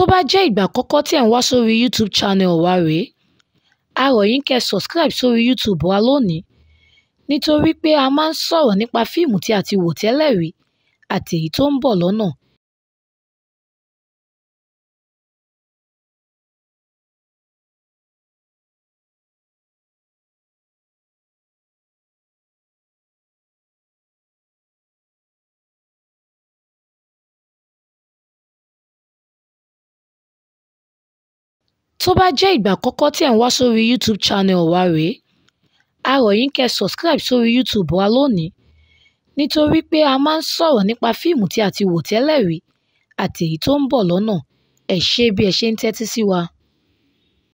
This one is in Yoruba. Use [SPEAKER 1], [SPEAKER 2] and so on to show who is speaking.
[SPEAKER 1] Tó bá jẹ́ ìgbà àkọ́kọ́ tí ẹ̀ ń wá sórí YouTube channel wa rèé, a rọ̀ yín kẹ́ ẹ subscribe sórí YouTube wa lónìí nítorí pé a máa ń sọ̀rọ̀ nípa fíìmù tí a ti wò tẹ́lẹ̀ rí àti èyí tó ń bọ̀ lọ́nà. tó bá jẹ́ ìgbà àkọ́kọ́ tí ẹ̀ ń wá sórí youtube channel wa rèé a rọ̀ yín kẹ́ subscribe sórí youtube wa lónìí nítorí pé a máa ń sọ̀rọ̀ nípa fíìmù tí a ti wò tẹ́lẹ̀ rí àti èyí tó ń bọ̀ lọ́nà ẹ ṣé bí ẹ ṣe ń tẹ́tí sí wa